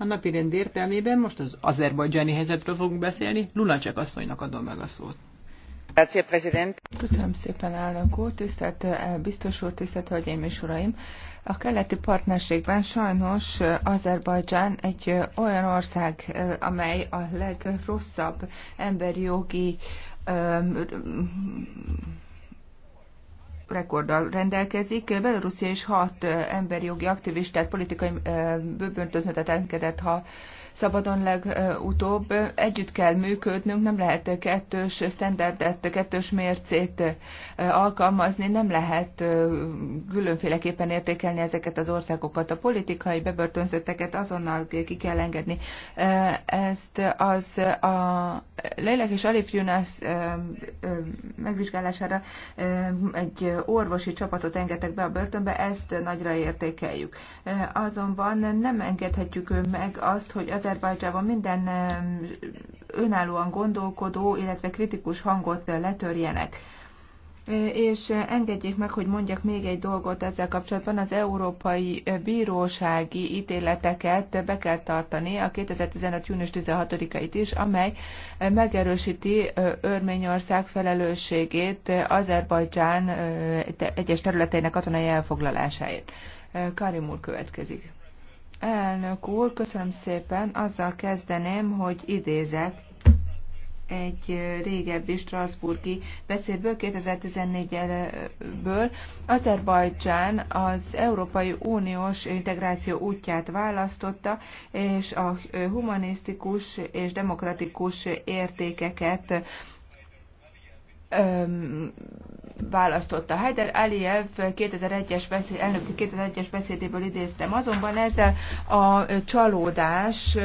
A napi rend értelmében most az azerbajdzsáni helyzetről fogunk beszélni. Lunacek asszonynak adom meg a szót. Köszönöm szépen, elnök úr, tisztelt eh, biztos úr, tisztelt hölgyeim és uraim! A keleti partnerségben sajnos eh, Azerbajdzsán egy eh, olyan ország, amely a legrosszabb emberi jogi rekorddal rendelkezik. Belarusia is hat emberjogi aktivistát, politikai bőböntöznetet engedett, ha szabadon legutóbb. Együtt kell működnünk, nem lehet kettős standardet, kettős mércét alkalmazni, nem lehet különféleképpen értékelni ezeket az országokat. A politikai bebörtönzötteket azonnal ki kell engedni. Ezt az a Lélek és Alif Yunus megvizsgálására egy orvosi csapatot engedtek be a börtönbe, ezt nagyra értékeljük. Azonban nem engedhetjük meg azt, hogy Azerbajdzsában minden önállóan gondolkodó, illetve kritikus hangot letörjenek. És engedjék meg, hogy mondjak még egy dolgot ezzel kapcsolatban. Az európai bírósági ítéleteket be kell tartani a 2015. június 16-ait is, amely megerősíti Örményország felelősségét Azerbajdzsán egyes területeinek katonai elfoglalásáért. Karim úr következik. Elnök úr, köszönöm szépen. Azzal kezdeném, hogy idézek egy régebbi Strasburgi beszédből, 2014-ből. Azerbajdzsán az Európai Uniós integráció útját választotta, és a humanisztikus és demokratikus értékeket választotta. Heider Aliyev 2001-es beszéd, elnök 2001-es beszédéből idéztem. Azonban ez a csalódás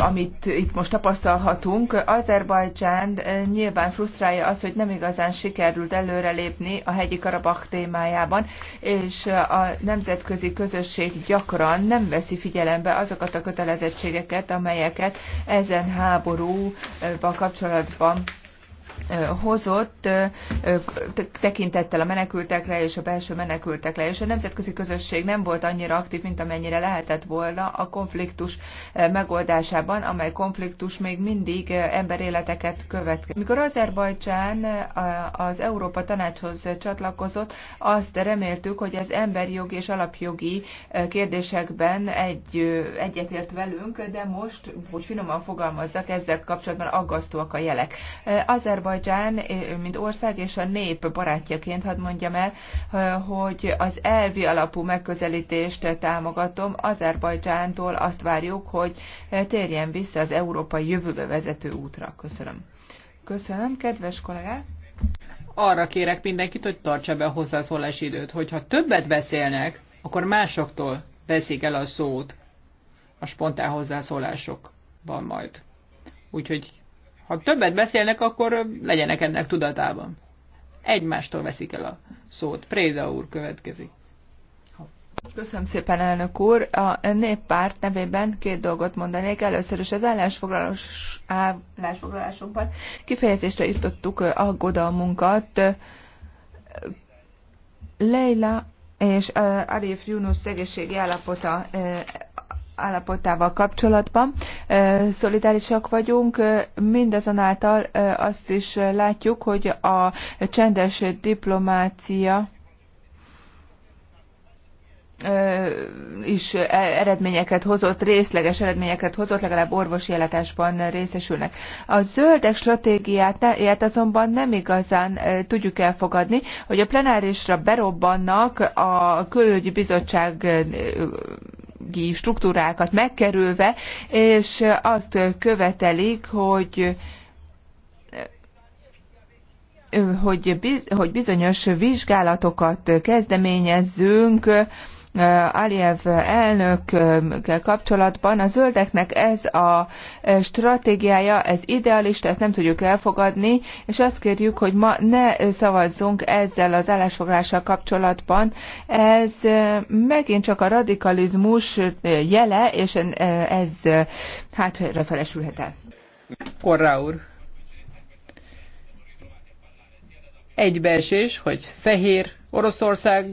amit itt most tapasztalhatunk. Azerbajdzsán nyilván frusztrálja az, hogy nem igazán sikerült előrelépni a hegyi Karabakh témájában, és a nemzetközi közösség gyakran nem veszi figyelembe azokat a kötelezettségeket, amelyeket ezen háborúval kapcsolatban hozott tekintettel a menekültekre és a belső menekültekre, és a nemzetközi közösség nem volt annyira aktív, mint amennyire lehetett volna a konfliktus megoldásában, amely konfliktus még mindig emberéleteket követ. Mikor Azerbajcsán az Európa Tanácshoz csatlakozott, azt reméltük, hogy az emberjogi és alapjogi kérdésekben egy, egyetért velünk, de most, hogy finoman fogalmazzak, ezzel kapcsolatban aggasztóak a jelek. Azerbajcsán Azerbajdzsán, mint ország és a nép barátjaként, hadd mondjam el, hogy az elvi alapú megközelítést támogatom. Azerbajdzsántól azt várjuk, hogy térjen vissza az európai jövőbe vezető útra. Köszönöm. Köszönöm, kedves kollégák! Arra kérek mindenkit, hogy tartsa be a hozzászólási időt. Hogyha többet beszélnek, akkor másoktól veszik el a szót a spontán hozzászólásokban majd. Úgyhogy ha többet beszélnek, akkor legyenek ennek tudatában. Egymástól veszik el a szót. Préda úr következik. Köszönöm szépen, elnök úr. A néppárt nevében két dolgot mondanék. Először is az állásfoglalásunkban kifejezésre írtottuk aggodalmunkat. Leila és Arif Yunus szegészségi állapota állapotával kapcsolatban. Szolidárisak vagyunk, mindazonáltal azt is látjuk, hogy a csendes diplomácia is e, eredményeket hozott, részleges eredményeket hozott, legalább orvosi életesben részesülnek. A zöldek stratégiát azonban nem igazán tudjuk elfogadni, hogy a plenárisra berobbannak a külügyi bizottság jogi struktúrákat megkerülve, és azt követelik, hogy hogy, biz, hogy bizonyos vizsgálatokat kezdeményezzünk, Eh, Aliyev elnökkel kapcsolatban. A zöldeknek ez a eh, stratégiája, ez idealista, ezt nem tudjuk elfogadni, és azt kérjük, hogy ma ne szavazzunk ezzel az állásfoglással kapcsolatban. Ez eh, megint csak a radikalizmus jele, és ez hát felesülhet el. Korrá úr. Egybeesés, hogy fehér Oroszország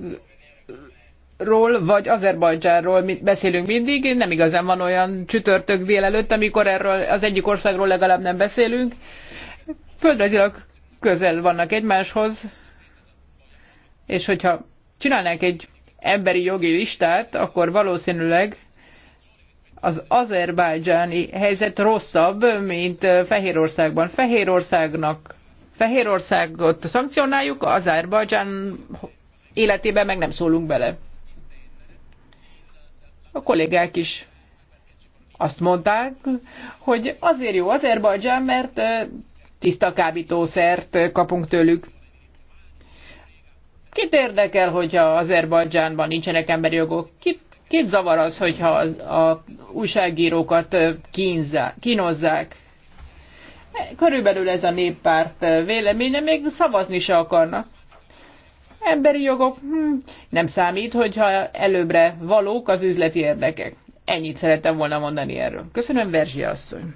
ról vagy Azerbajdzsánról beszélünk mindig, nem igazán van olyan csütörtök délelőtt, amikor erről az egyik országról legalább nem beszélünk. Földrajzilag közel vannak egymáshoz, és hogyha csinálnánk egy emberi jogi listát, akkor valószínűleg az azerbajdzsáni helyzet rosszabb, mint Fehérországban. Fehérországnak Fehérországot szankcionáljuk, Azerbajdzsán életébe meg nem szólunk bele. A kollégák is azt mondták, hogy azért jó Azerbajdzsán, mert tiszta kábítószert kapunk tőlük. Kit érdekel, hogyha Azerbajdzsánban nincsenek emberi jogok? Kit, kit zavar az, hogyha az, a újságírókat kínzá, kínozzák? Körülbelül ez a néppárt véleménye, még szavazni se akarnak. Emberi jogok hm, nem számít, hogyha előbbre valók az üzleti érdekek. Ennyit szerettem volna mondani erről. Köszönöm, Verzsi asszony.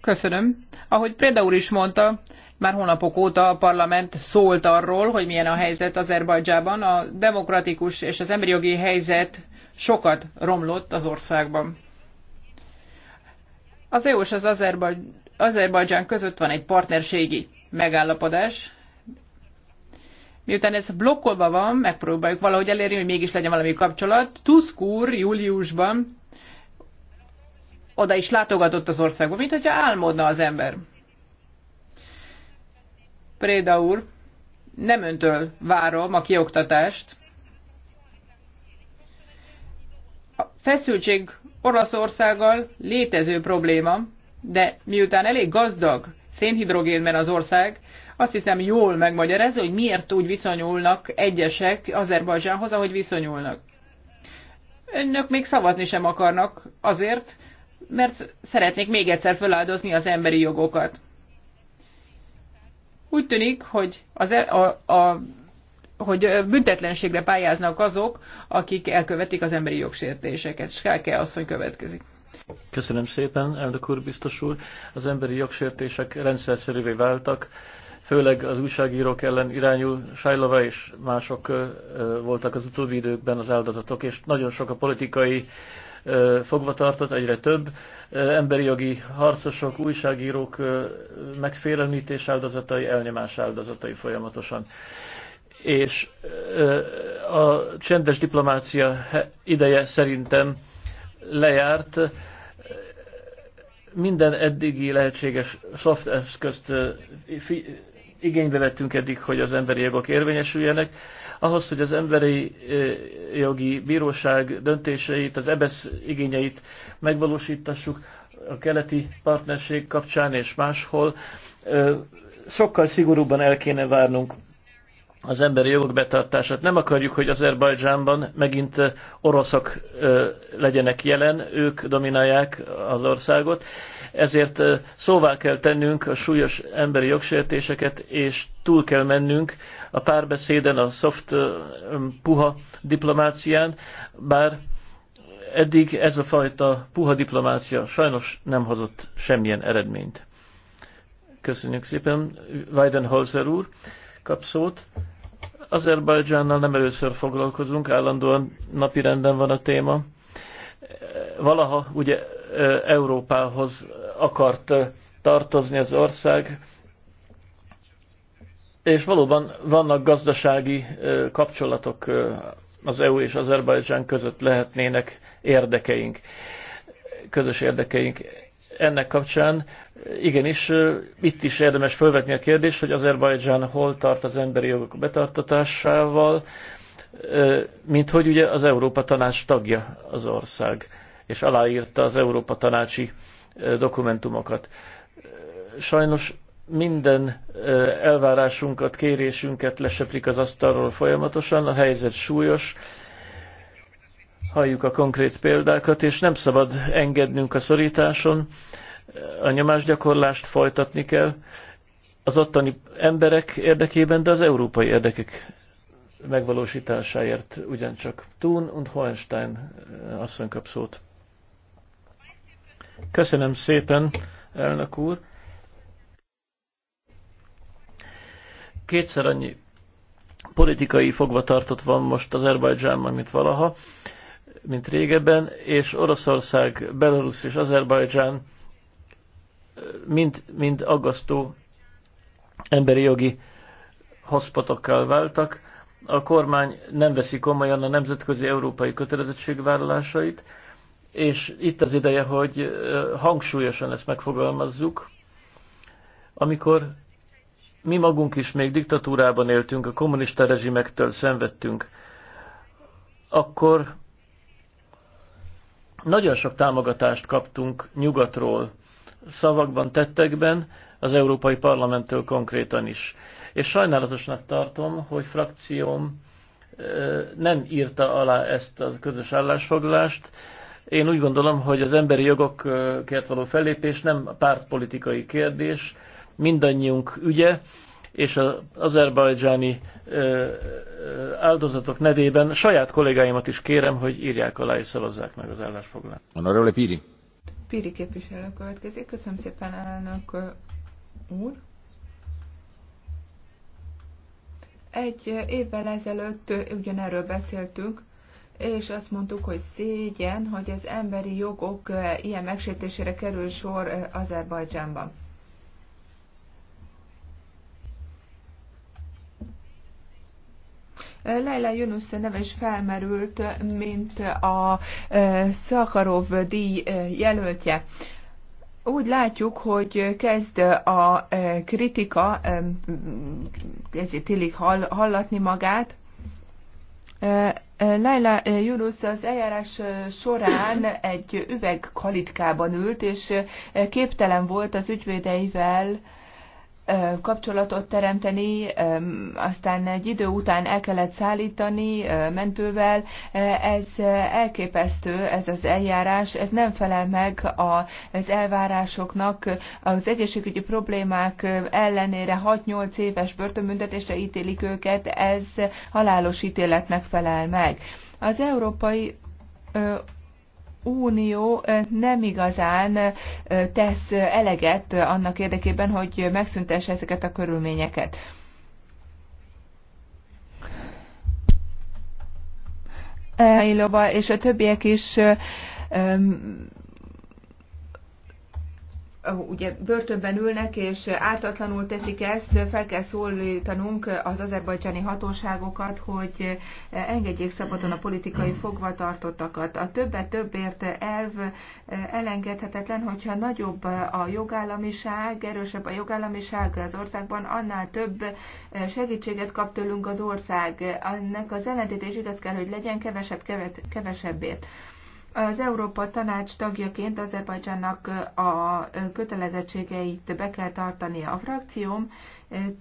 Köszönöm. Ahogy Préda úr is mondta, már hónapok óta a parlament szólt arról, hogy milyen a helyzet Azerbajdzsában. A demokratikus és az emberi jogi helyzet sokat romlott az országban. Az EU és az Azerbajdzsán között van egy partnerségi megállapodás. Miután ez blokkolva van, megpróbáljuk valahogy elérni, hogy mégis legyen valami kapcsolat. Tusk úr júliusban oda is látogatott az országba, mint hogyha álmodna az ember. Préda úr, nem öntől várom a kioktatást, feszültség Oroszországgal létező probléma, de miután elég gazdag szénhidrogénben az ország, azt hiszem jól megmagyarázza, hogy miért úgy viszonyulnak egyesek Azerbajdzsánhoz, ahogy viszonyulnak. Önök még szavazni sem akarnak azért, mert szeretnék még egyszer feláldozni az emberi jogokat. Úgy tűnik, hogy az, e- a, a hogy büntetlenségre pályáznak azok, akik elkövetik az emberi jogsértéseket. Skáke asszony következik. Köszönöm szépen, elnök úr, biztos úr. Az emberi jogsértések rendszerszerűvé váltak, főleg az újságírók ellen irányul Sajlova és mások voltak az utóbbi időkben az áldozatok, és nagyon sok a politikai fogvatartott, egyre több. Emberi jogi harcosok, újságírók megfélemlítés áldozatai, elnyomás áldozatai folyamatosan és a csendes diplomácia ideje szerintem lejárt. Minden eddigi lehetséges soft eszközt igénybe vettünk eddig, hogy az emberi jogok érvényesüljenek. Ahhoz, hogy az emberi jogi bíróság döntéseit, az EBESZ igényeit megvalósítassuk a keleti partnerség kapcsán és máshol, sokkal szigorúbban el kéne várnunk az emberi jogok betartását. Nem akarjuk, hogy Azerbajdzsánban megint oroszok legyenek jelen, ők dominálják az országot, ezért szóvá kell tennünk a súlyos emberi jogsértéseket, és túl kell mennünk a párbeszéden, a soft, puha diplomácián, bár eddig ez a fajta puha diplomácia sajnos nem hozott semmilyen eredményt. Köszönjük szépen, Weidenholzer úr kap szót. Azerbajdzsánnal nem először foglalkozunk, állandóan napirenden van a téma. Valaha ugye Európához akart tartozni az ország, és valóban vannak gazdasági kapcsolatok az EU és Azerbajdzsán között lehetnének érdekeink, közös érdekeink ennek kapcsán igenis itt is érdemes felvetni a kérdést, hogy Azerbajdzsán hol tart az emberi jogok betartatásával, mint hogy ugye az Európa Tanács tagja az ország, és aláírta az Európa Tanácsi dokumentumokat. Sajnos minden elvárásunkat, kérésünket leseplik az asztalról folyamatosan, a helyzet súlyos, halljuk a konkrét példákat, és nem szabad engednünk a szorításon, a nyomásgyakorlást folytatni kell az ottani emberek érdekében, de az európai érdekek megvalósításáért ugyancsak. Thun und Hohenstein eh, asszony kap szót. Köszönöm szépen, elnök úr. Kétszer annyi politikai fogvatartott van most Azerbajdzsánban, mint valaha, mint régebben, és Oroszország, Belarus és Azerbajdzsán mind, mind aggasztó emberi jogi hotspotokkal váltak. A kormány nem veszi komolyan a nemzetközi európai kötelezettségvállalásait, és itt az ideje, hogy hangsúlyosan ezt megfogalmazzuk. Amikor mi magunk is még diktatúrában éltünk, a kommunista rezsimektől szenvedtünk, akkor nagyon sok támogatást kaptunk nyugatról, szavakban, tettekben, az Európai Parlamenttől konkrétan is. És sajnálatosnak tartom, hogy frakcióm nem írta alá ezt a közös állásfoglalást. Én úgy gondolom, hogy az emberi jogokért való fellépés nem pártpolitikai kérdés, mindannyiunk ügye, és az azerbajdzsáni áldozatok nevében saját kollégáimat is kérem, hogy írják alá és szavazzák meg az állásfoglalást. Honorable Piri. Piri képviselő következik. Köszönöm szépen, elnök úr. Egy évvel ezelőtt ugyanerről beszéltünk, és azt mondtuk, hogy szégyen, hogy az emberi jogok ilyen megsértésére kerül sor Azerbajdzsánban Leila Yunus neve is felmerült, mint a e, Szakarov díj e, jelöltje. Úgy látjuk, hogy kezd a e, kritika, ezért illik hallatni magát, Leila Jurusz az eljárás során egy üveg kalitkában ült, és képtelen volt az ügyvédeivel kapcsolatot teremteni, aztán egy idő után el kellett szállítani mentővel. Ez elképesztő, ez az eljárás, ez nem felel meg az elvárásoknak. Az egészségügyi problémák ellenére 6-8 éves börtönbüntetésre ítélik őket, ez halálos ítéletnek felel meg. Az Európai Unió nem igazán tesz eleget annak érdekében, hogy megszüntesse ezeket a körülményeket. Ilova és a többiek is ugye börtönben ülnek, és ártatlanul teszik ezt, fel kell szólítanunk az azerbajdzsáni hatóságokat, hogy engedjék szabadon a politikai fogvatartottakat. A többet többért elv elengedhetetlen, hogyha nagyobb a jogállamiság, erősebb a jogállamiság az országban, annál több segítséget kap tőlünk az ország. Ennek az ellentétés igaz kell, hogy legyen kevesebb, kevesebbért. Az Európa Tanács tagjaként Azerbajdzsánnak a kötelezettségeit be kell tartani A frakcióm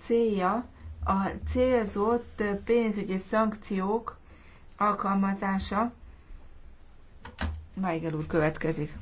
célja a célzott pénzügyi szankciók alkalmazása. Weigel úr következik.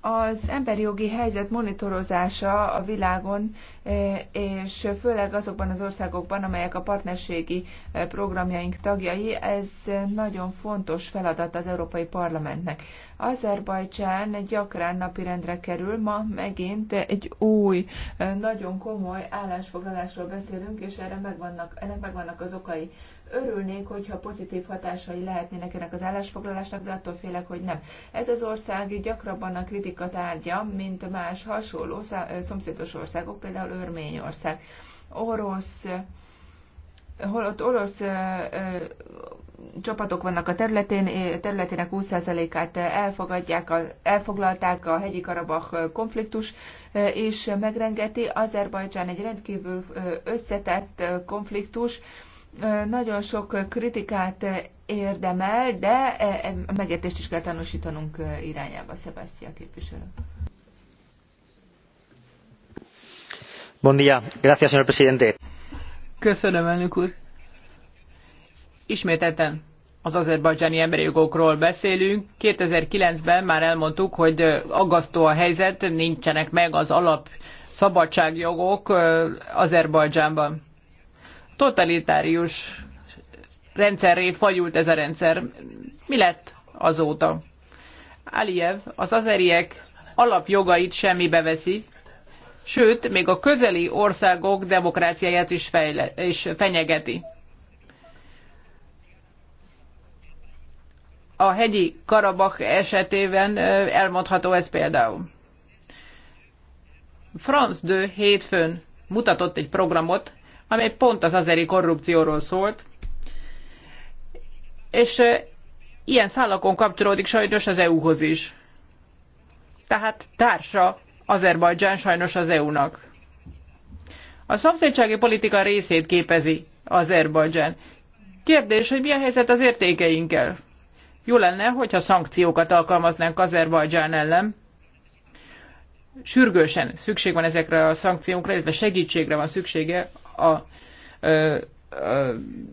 Az emberi jogi helyzet monitorozása a világon, e, és főleg azokban az országokban, amelyek a partnerségi e, programjaink tagjai, ez nagyon fontos feladat az Európai Parlamentnek. Azerbajcsán gyakran napirendre kerül, ma megint egy új, e, nagyon komoly állásfoglalásról beszélünk, és erre megvannak, ennek megvannak az okai. Örülnék, hogyha pozitív hatásai lehetnének ennek az állásfoglalásnak, de attól félek, hogy nem. Ez az ország gyakrabban a kritika tárgya, mint más hasonló szomszédos országok, például Örményország. Orosz holott orosz ö, ö, csapatok vannak a területén, területének 20%-át elfogadják, a, elfoglalták a hegyi Karabach konfliktus, és megrengeti. Azerbajdzsán egy rendkívül összetett konfliktus, nagyon sok kritikát érdemel, de e, e, megértést is kell tanúsítanunk e, irányába, Sebastián képviselő. Bon dia. Gracias, señor presidente. Köszönöm, elnök úr. Ismételten az azerbajdzsáni emberi jogokról beszélünk. 2009-ben már elmondtuk, hogy aggasztó a helyzet, nincsenek meg az alap szabadságjogok Azerbajdzsánban totalitárius rendszerré fagyult ez a rendszer. Mi lett azóta? Aliyev az azeriek alapjogait semmibe veszi, sőt, még a közeli országok demokráciáját is, fejle, is fenyegeti. A hegyi Karabach esetében elmondható ez például. Franz de hétfőn mutatott egy programot, amely pont az azeri korrupcióról szólt, és ilyen szálakon kapcsolódik sajnos az EU-hoz is. Tehát társa Azerbajdzsán sajnos az EU-nak. A szomszédsági politika részét képezi Azerbajdzsán. Kérdés, hogy mi a helyzet az értékeinkkel? Jó lenne, hogyha szankciókat alkalmaznánk Azerbajdzsán ellen. Sürgősen szükség van ezekre a szankciókra, illetve segítségre van szüksége a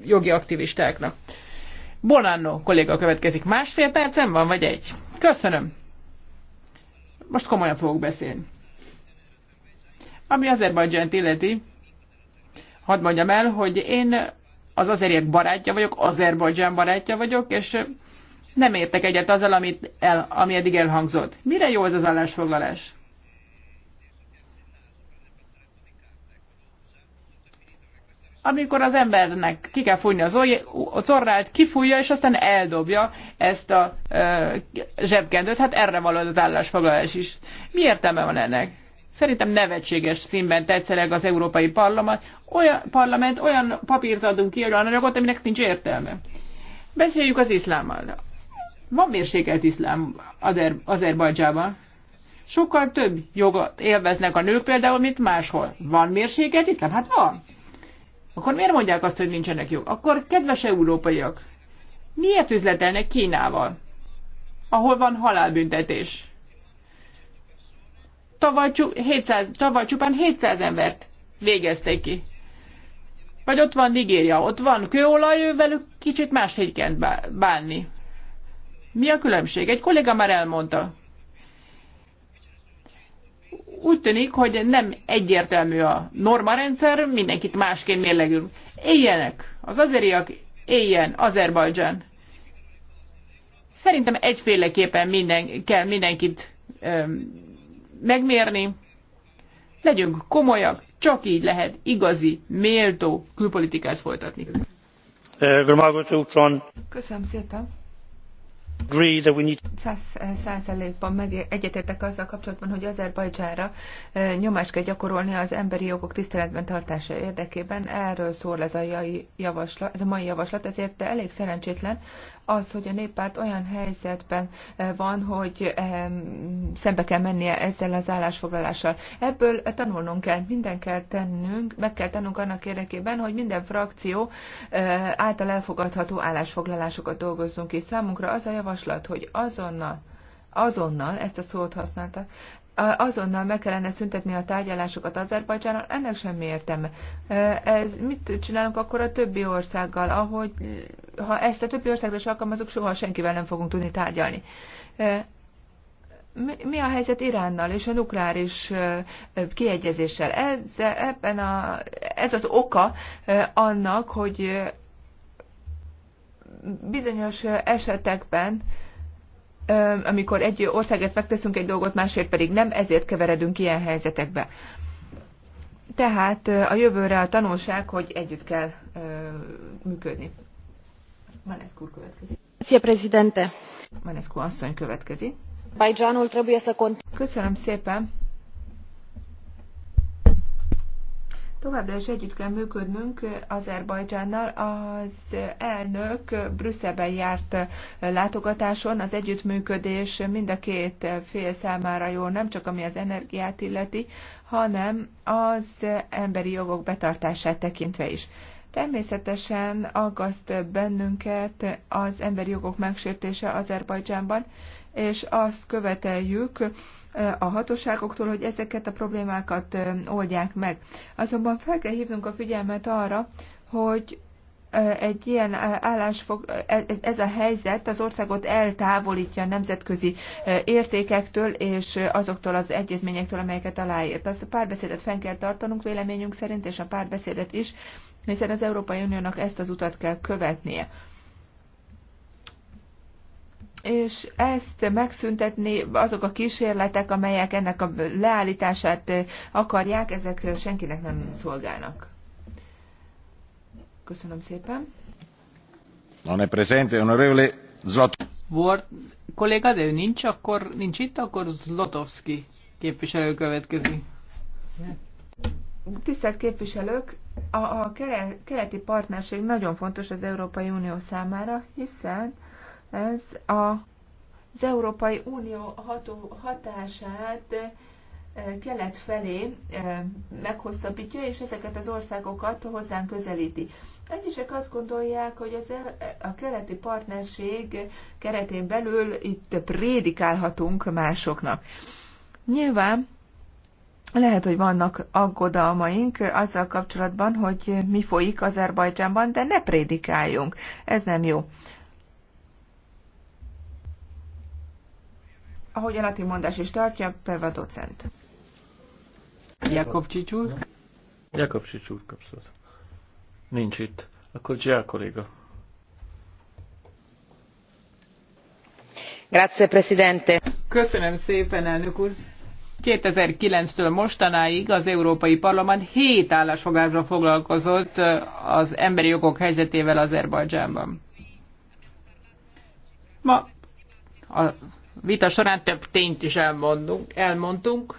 jogi aktivistáknak. Bonanno kolléga következik. Másfél percem van, vagy egy? Köszönöm. Most komolyan fogok beszélni. Ami Azerbajdzsánt illeti, hadd mondjam el, hogy én az azeriek barátja vagyok, Azerbajdzsán barátja vagyok, és nem értek egyet azzal, amit el, ami eddig elhangzott. Mire jó ez az állásfoglalás? amikor az embernek ki kell fújni az, az orrát, kifújja, és aztán eldobja ezt a e, zsebkendőt. Hát erre való az állásfoglalás is. Mi értelme van ennek? Szerintem nevetséges színben tetszeleg az Európai Parlament. Olyan, parlament, olyan papírt adunk ki, olyan anyagot, aminek nincs értelme. Beszéljük az iszlámmal. Van mérsékelt iszlám Azer- Azerbajdzsában. Sokkal több jogot élveznek a nők például, mint máshol. Van mérsékelt iszlám? Hát van akkor miért mondják azt, hogy nincsenek jók? Akkor kedves európaiak, miért üzletelnek Kínával, ahol van halálbüntetés? Tavaly, 700, tavaly csupán 700 embert végezték ki. Vagy ott van Nigéria, ott van kőolaj, velük kicsit más kell bánni. Mi a különbség? Egy kolléga már elmondta úgy tűnik, hogy nem egyértelmű a normarendszer, mindenkit másként mérlegünk. Éljenek az azeriak, éljen Azerbajdzsán. Szerintem egyféleképpen minden, kell mindenkit öm, megmérni. Legyünk komolyak, csak így lehet igazi, méltó külpolitikát folytatni. Eh, Köszönöm szépen. Száz százalékban meg egyetértek azzal kapcsolatban, hogy Azerbajdzsára e, nyomást kell gyakorolni az emberi jogok tiszteletben tartása érdekében. Erről szól ez a, javaslat, ez a mai javaslat, ezért elég szerencsétlen, az, hogy a néppárt olyan helyzetben eh, van, hogy eh, szembe kell mennie ezzel az állásfoglalással. Ebből tanulnunk kell, minden kell tennünk, meg kell tennünk annak érdekében, hogy minden frakció eh, által elfogadható állásfoglalásokat dolgozzunk ki. Számunkra az a javaslat, hogy azonnal azonnal, ezt a szót használta, azonnal meg kellene szüntetni a tárgyalásokat Azerbajdzsánnal, ennek semmi értelme. Ez mit csinálunk akkor a többi országgal, ahogy ha ezt a többi országra is alkalmazunk, soha senkivel nem fogunk tudni tárgyalni. Mi a helyzet Iránnal és a nukleáris kiegyezéssel? Ez, ebben a, ez az oka annak, hogy bizonyos esetekben amikor egy országért megteszünk egy dolgot, másért pedig nem, ezért keveredünk ilyen helyzetekbe. Tehát a jövőre a tanulság, hogy együtt kell működni. Manescu következik. Grazie, Presidente. Manescu asszony következik. Köszönöm szépen. Továbbra is együtt kell működnünk Azerbajdzsánnal. Az elnök Brüsszelben járt látogatáson az együttműködés mind a két fél számára jó, nem csak ami az energiát illeti, hanem az emberi jogok betartását tekintve is. Természetesen aggaszt bennünket az emberi jogok megsértése Azerbajdzsánban, és azt követeljük, a hatóságoktól, hogy ezeket a problémákat oldják meg. Azonban fel kell hívnunk a figyelmet arra, hogy egy ilyen fog, e, ez a helyzet az országot eltávolítja a nemzetközi értékektől és azoktól az egyezményektől, amelyeket aláírt. Azt a párbeszédet fenn kell tartanunk véleményünk szerint, és a párbeszédet is, hiszen az Európai Uniónak ezt az utat kell követnie és ezt megszüntetni azok a kísérletek, amelyek ennek a leállítását eh, akarják, ezek senkinek nem szolgálnak. Köszönöm szépen. Non è presente, onorevole Zlot. Volt kolléga, de ő nincs, akkor nincs itt, akkor Zlotowski képviselő következik. Tisztelt képviselők, a, a keleti partnerség nagyon fontos az Európai Unió számára, hiszen ez a, az Európai Unió ható, hatását eh, kelet felé eh, meghosszabbítja, és ezeket az országokat hozzánk közelíti. Egyesek azt gondolják, hogy az a keleti partnerség keretén belül itt prédikálhatunk másoknak. Nyilván lehet, hogy vannak aggodalmaink azzal kapcsolatban, hogy mi folyik Azerbajdzsánban, de ne prédikáljunk. Ez nem jó. ahogy a latin mondás is tartja, Peva docent. Jakob Csicsúr? Jakob Csicsúr kapszott. Nincs itt. Akkor Giá kolléga. Grazie, Presidente. Köszönöm szépen, elnök úr. 2009-től mostanáig az Európai Parlament hét állásfoglásra foglalkozott eh, az emberi jogok helyzetével Azerbajdzsánban. Ma a vita során több tényt is elmondunk, elmondtunk.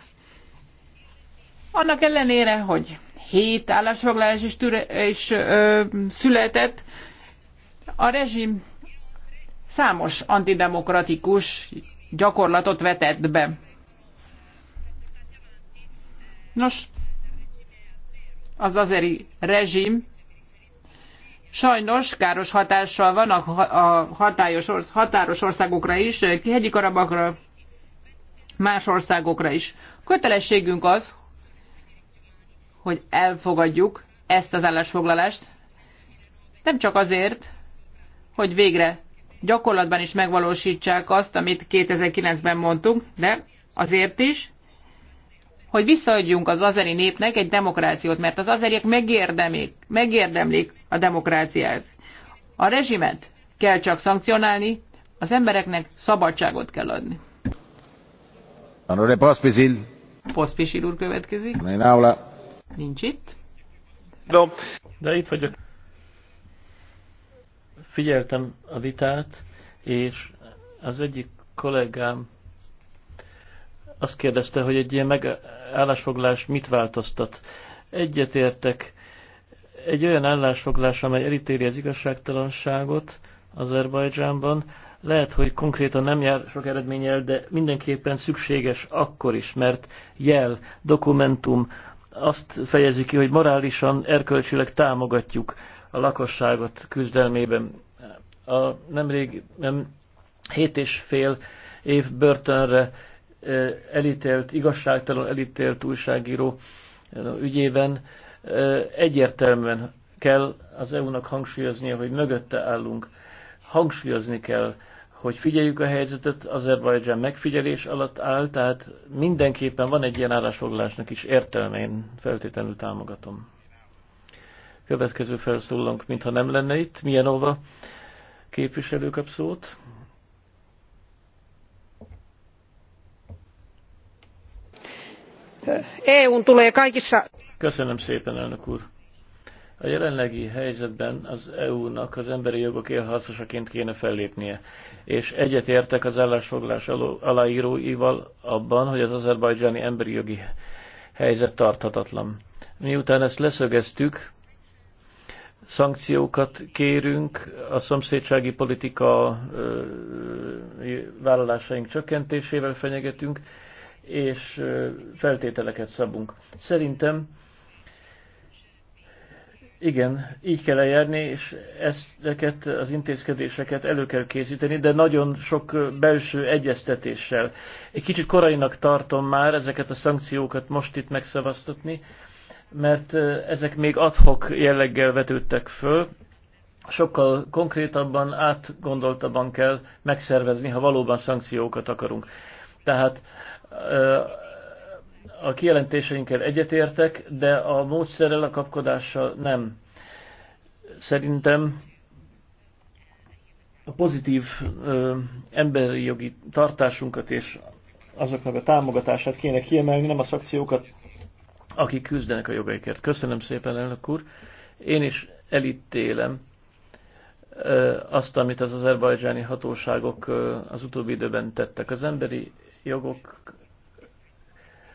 Annak ellenére, hogy hét állásfoglalás is, türe, is ö, született, a rezsim számos antidemokratikus gyakorlatot vetett be. Nos, az azeri rezsim sajnos káros hatással van a hatályos, határos országokra is, kihegyi karabakra, más országokra is. Kötelességünk az, hogy elfogadjuk ezt az állásfoglalást, nem csak azért, hogy végre gyakorlatban is megvalósítsák azt, amit 2009-ben mondtunk, de azért is, hogy visszaadjunk az azeri népnek egy demokrációt, mert az azeriek megérdemlik, megérdemlik a demokráciát. A rezsimet kell csak szankcionálni, az embereknek szabadságot kell adni. Honorable Pospisil. Pospisil úr következik. Nincs itt. No. De itt vagyok. Figyeltem a vitát, és az egyik kollégám azt kérdezte, hogy egy ilyen megállásfoglás mit változtat. Egyetértek egy olyan állásfoglás, amely elítéli az igazságtalanságot Azerbajdzsánban, lehet, hogy konkrétan nem jár sok eredménnyel, de mindenképpen szükséges akkor is, mert jel, dokumentum azt fejezi ki, hogy morálisan, erkölcsileg támogatjuk a lakosságot küzdelmében. A nemrég nem, hét és fél év börtönre elítélt, igazságtalan elítélt újságíró ügyében egyértelműen kell az EU-nak hangsúlyoznia, hogy mögötte állunk. Hangsúlyozni kell, hogy figyeljük a helyzetet, Azerbajdzsán megfigyelés alatt áll, tehát mindenképpen van egy ilyen állásfoglalásnak is értelme, én feltétlenül támogatom. Következő felszólalunk, mintha nem lenne itt, milyen óva képviselő kap szót. EU-n tulee kaikissa... Köszönöm szépen, elnök úr. A jelenlegi helyzetben az EU-nak az emberi jogok élharcosaként kéne fellépnie, és egyetértek az állásfoglalás aláíróival abban, hogy az azerbajdzsáni emberi jogi helyzet tarthatatlan. Miután ezt leszögeztük, szankciókat kérünk, a szomszédsági politika vállalásaink csökkentésével fenyegetünk, és feltételeket szabunk. Szerintem igen, így kell eljárni, és ezeket az intézkedéseket elő kell készíteni, de nagyon sok belső egyeztetéssel. Egy kicsit korainak tartom már ezeket a szankciókat most itt megszavaztatni, mert ezek még adhok jelleggel vetődtek föl, sokkal konkrétabban, átgondoltabban kell megszervezni, ha valóban szankciókat akarunk. Tehát a kijelentéseinkkel egyetértek, de a módszerrel, a kapkodással nem. Szerintem a pozitív ö, emberi jogi tartásunkat és azoknak a támogatását kéne kiemelni, nem a szakciókat, akik küzdenek a jogaikért. Köszönöm szépen, elnök úr. Én is elítélem azt, amit az azerbajdzsáni hatóságok az utóbbi időben tettek. Az emberi jogok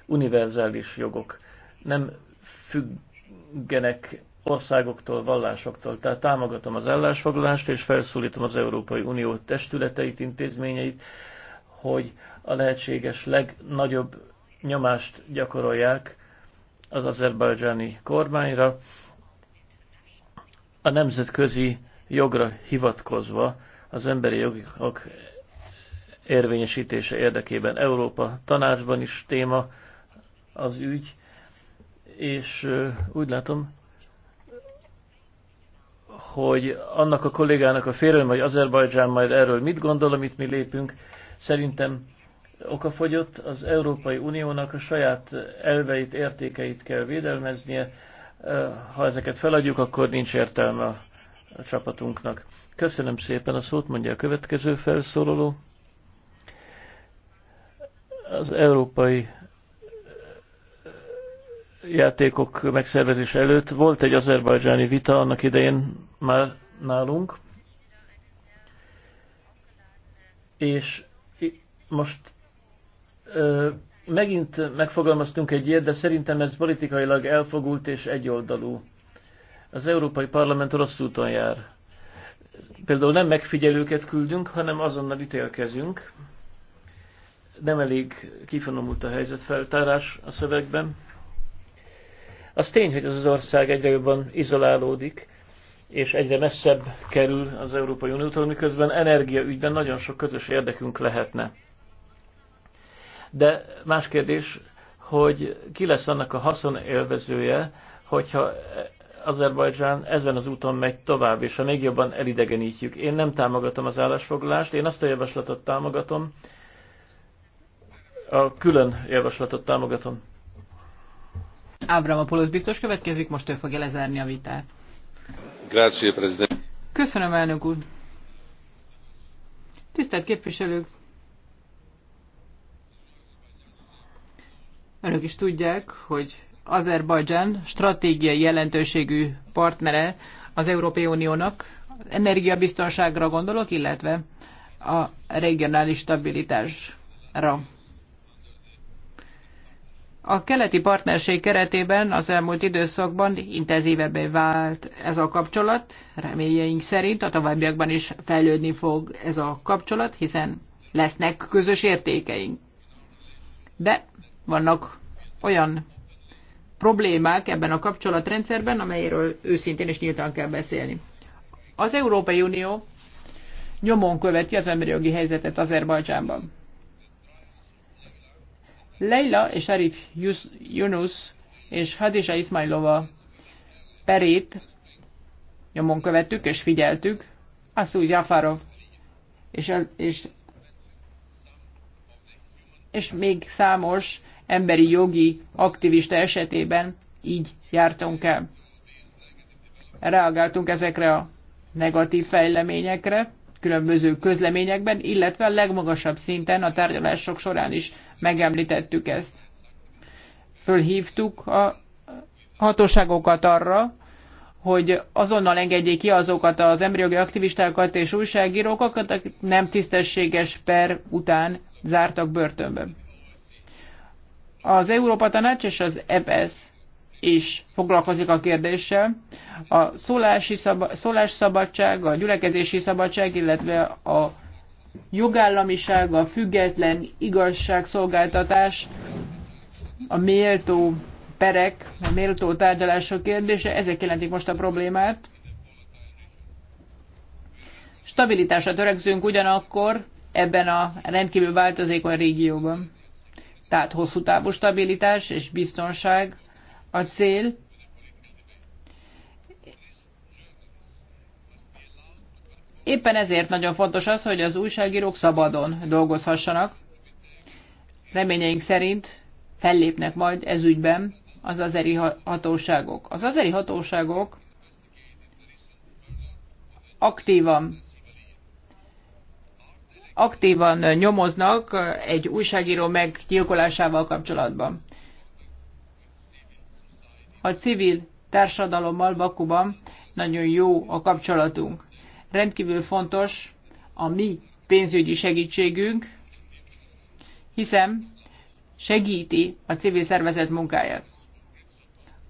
univerzális jogok, nem függenek országoktól, vallásoktól. Tehát támogatom az ellásfoglalást, és felszólítom az Európai Unió testületeit, intézményeit, hogy a lehetséges legnagyobb nyomást gyakorolják az azerbajdzsáni kormányra, a nemzetközi jogra hivatkozva, az emberi jogok érvényesítése érdekében. Európa tanácsban is téma az ügy, és úgy látom, hogy annak a kollégának a félelme, hogy Azerbajdzsán majd erről mit gondol, amit mi lépünk, szerintem okafogyott, az Európai Uniónak a saját elveit, értékeit kell védelmeznie, ha ezeket feladjuk, akkor nincs értelme a csapatunknak. Köszönöm szépen a szót, mondja a következő felszólaló az európai eh, játékok megszervezése előtt volt egy azerbajdzsáni vita annak idején már nálunk, és most ö, eh, megint megfogalmaztunk egy ilyet, de szerintem ez politikailag elfogult és egyoldalú. Az Európai Parlament rossz úton jár. Például nem megfigyelőket küldünk, hanem azonnal ítélkezünk, nem elég kifonomult a helyzetfeltárás a szövegben. Az tény, hogy az, ország egyre jobban izolálódik, és egyre messzebb kerül az Európai Uniótól, miközben energiaügyben nagyon sok közös érdekünk lehetne. De más kérdés, hogy ki lesz annak a élvezője, hogyha Azerbajdzsán ezen az úton megy tovább, és ha még jobban elidegenítjük. Én nem támogatom az állásfoglalást, én azt a javaslatot támogatom, a külön javaslatot támogatom. Ábramopoulos biztos következik, most ő fogja lezárni a vitát. Grazie, president. Köszönöm, elnök úr. Tisztelt képviselők! Önök is tudják, hogy Azerbajdzsán stratégiai jelentőségű partnere az Európai Uniónak, energiabiztonságra gondolok, illetve a regionális stabilitásra. A keleti partnerség keretében az elmúlt időszakban intenzívebbé vált ez a kapcsolat. Reményeink szerint a továbbiakban is fejlődni fog ez a kapcsolat, hiszen lesznek közös értékeink. De vannak olyan problémák ebben a kapcsolatrendszerben, amelyről őszintén és nyíltan kell beszélni. Az Európai Unió nyomon követi az emberi jogi helyzetet Azerbajdzsánban. Leila és Arif Yunus és Hadisa Ismailova perét nyomon követtük és figyeltük. Asszú Jafarov és, és, és még számos emberi jogi aktivista esetében így jártunk el. Reagáltunk ezekre a negatív fejleményekre, különböző közleményekben, illetve a legmagasabb szinten a tárgyalások során is megemlítettük ezt. Fölhívtuk a hatóságokat arra, hogy azonnal engedjék ki azokat az emberjogi aktivistákat és újságírókat, akik nem tisztességes per után zártak börtönbe. Az Európa Tanács és az EPS e is foglalkozik a kérdéssel. A szólási szab- szólásszabadság, a gyülekezési szabadság, illetve a jogállamiság, a független igazságszolgáltatás, a méltó perek, a méltó tárgyalások kérdése, ezek jelentik most a problémát. Stabilitásra törekszünk ugyanakkor ebben a rendkívül változékony régióban. Tehát hosszú távú stabilitás és biztonság a cél, Éppen ezért nagyon fontos az, hogy az újságírók szabadon dolgozhassanak. Reményeink szerint fellépnek majd ezügyben az azeri hatóságok. Az azeri hatóságok aktívan aktívan nyomoznak egy újságíró meggyilkolásával kapcsolatban. A civil társadalommal Bakuban nagyon jó a kapcsolatunk rendkívül fontos a mi pénzügyi segítségünk, hiszen segíti a civil szervezet munkáját.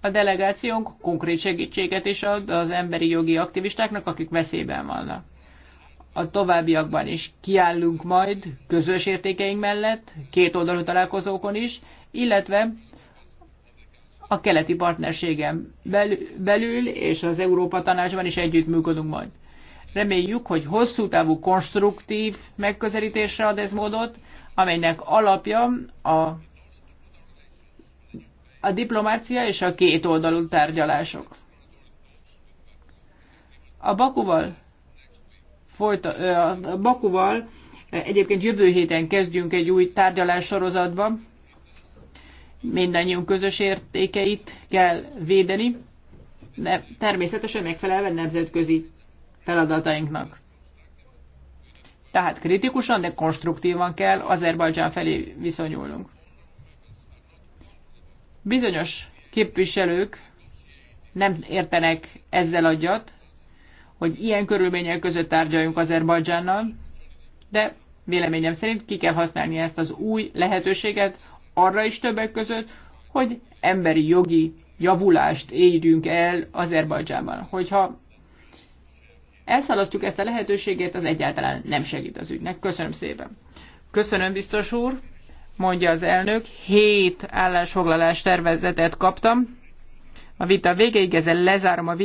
A delegációnk konkrét segítséget is ad az emberi jogi aktivistáknak, akik veszélyben vannak. A továbbiakban is kiállunk majd közös értékeink mellett, két oldalú találkozókon is, illetve a keleti partnerségem belül és az Európa Tanácsban is együttműködünk majd. Reméljük, hogy hosszú távú konstruktív megközelítésre ad ez módot, amelynek alapja a, a diplomácia és a kétoldalú tárgyalások. A Bakuval, folyta, a Bakuval egyébként jövő héten kezdjünk egy új tárgyalás sorozatba. Mindannyiunk közös értékeit kell védeni, de természetesen megfelelve nemzetközi feladatainknak. Tehát kritikusan, de konstruktívan kell Azerbajdzsán felé viszonyulnunk. Bizonyos képviselők nem értenek ezzel agyat, hogy ilyen körülmények között tárgyaljunk Azerbajdzsánnal, de véleményem szerint ki kell használni ezt az új lehetőséget arra is többek között, hogy emberi jogi javulást érjünk el Azerbajdzsánban. Hogyha elszalasztjuk ezt a lehetőségét, az egyáltalán nem segít az ügynek. Köszönöm szépen. Köszönöm, biztos úr, mondja az elnök. Hét állásfoglalás tervezetet kaptam. A vita végéig ezzel lezárom a